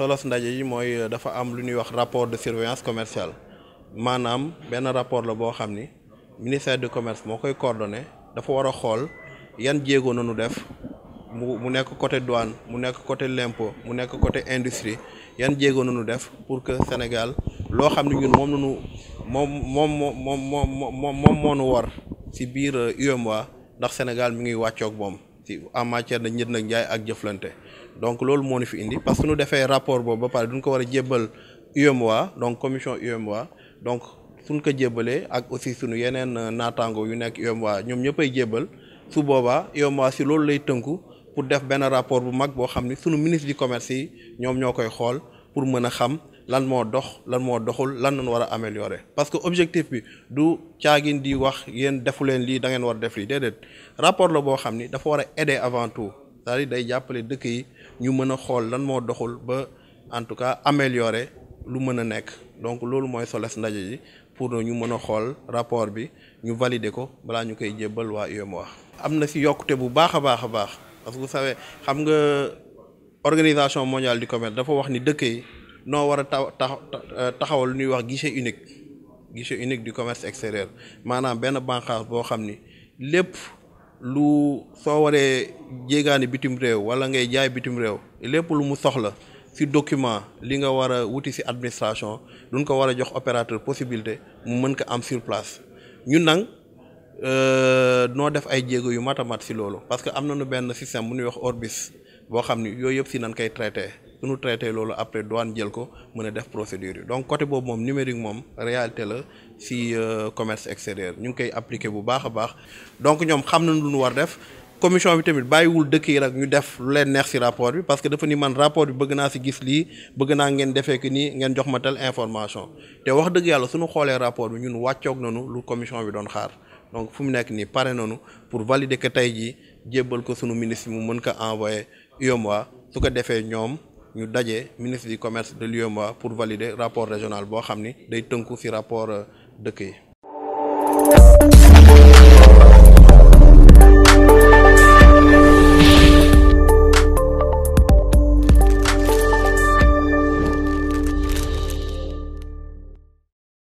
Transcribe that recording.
solos ndaje yi mooy euh, dafa am lu ñuy wax rapport de surveillance commerciale maanaam benn rapport la boo xam ni ministère de commerce moo koy coordonné dafa war a xool yan jéego nanu def mu mu nekk côté douane mu nekk côté l'impôt mu nekk côté industrie yan jéego nanu def pour que Sénégal loo xam ne ñun moom nanu moom moom moom moom moom moom moo nu war ci biir UEMOA euh, ndax Sénégal mi ngi wàccoog moom ci en matière de njënd ak njaay ak jëflante donc loolu moo ñu fi indi parce que nu defee rapport boobu ba pare duñ ko war a jébbal UEMOA donc commission UEMOA donc suñ ko jébbalee ak aussi suñu yeneen euh, naataango yu nekk UEMOA ñoom ñëppay jébbal su boobaa UEMOA si loolu lay tënku pour def benn rapport bu mag boo xam ni suñu ministre du commerce yi ñoom ñoo koy xool pour mën a xam lan moo dox lan moo doxul lan lañ war a améliorer parce que objectif bi du caagin di wax yéen defu leen lii da ngeen war def lii déedéet rapport la boo xam ni dafa war a aider avant tout day jàppale dëkk yi ñu mën a xool lan moo doxul ba en tout cas améliorer lu mën a nekk donc loolu mooy soles ndaje yi pour ñu mën a xool rapport bi ñu valider ko balaa ñu koy jébbal waa wax am na si yokkute bu baax a baax a baax parce que vous savez xam nga organisation mondiale du commerce dafa wax ni dëkk yi. noo war a taw taxawal lu ñuy wax guichet unique guichet unique du commerce extérieur maanaam benn bànqaas boo xam ni lépp lu soo waree jéegaani bitim réew wala ngay jaay bitim réew lépp lu mu soxla ci document li nga war a wuti ci administration duñ ko war a jox opérateur possibilité mu mën ko am sur place ñun nag euh, noo def ay jéego yu mat a mat ci loolu parce que am nañu benn système bu nuy wax Orbis boo xam ni yooyu yëpp ci nan koy traité. nu traité loolu après douane jël ko mën a def procédure yi donc côté boobu moom numérique moom réalité la si euh, commerce extérieur ñu ngi koy appliquer bu baax a baax donc ñoom xam nañ lu ñu war def commission bi tamit bàyyiwul dëkk yi rek ñu def lu leen neex si rapport bi parce que dafa ni man rapport bi bëgg naa si gis lii bëgg naa ngeen defee que nii ngeen jox ma tel information te wax dëgg yàlla su suñu xoolee rapport bi ñun wàccoog nañu lu commission bi doon xaar donc fu mu nekk nii pare nañu pour valider que tey jii jébbal ko sunu ministre mu mën ko envoyé UEMOA su ko defee ñoom. ñu daje ministre du commerce de l'UEMOA pour valider rapport régional boo xam ni day tënku ci rapport a euh, dëkk yi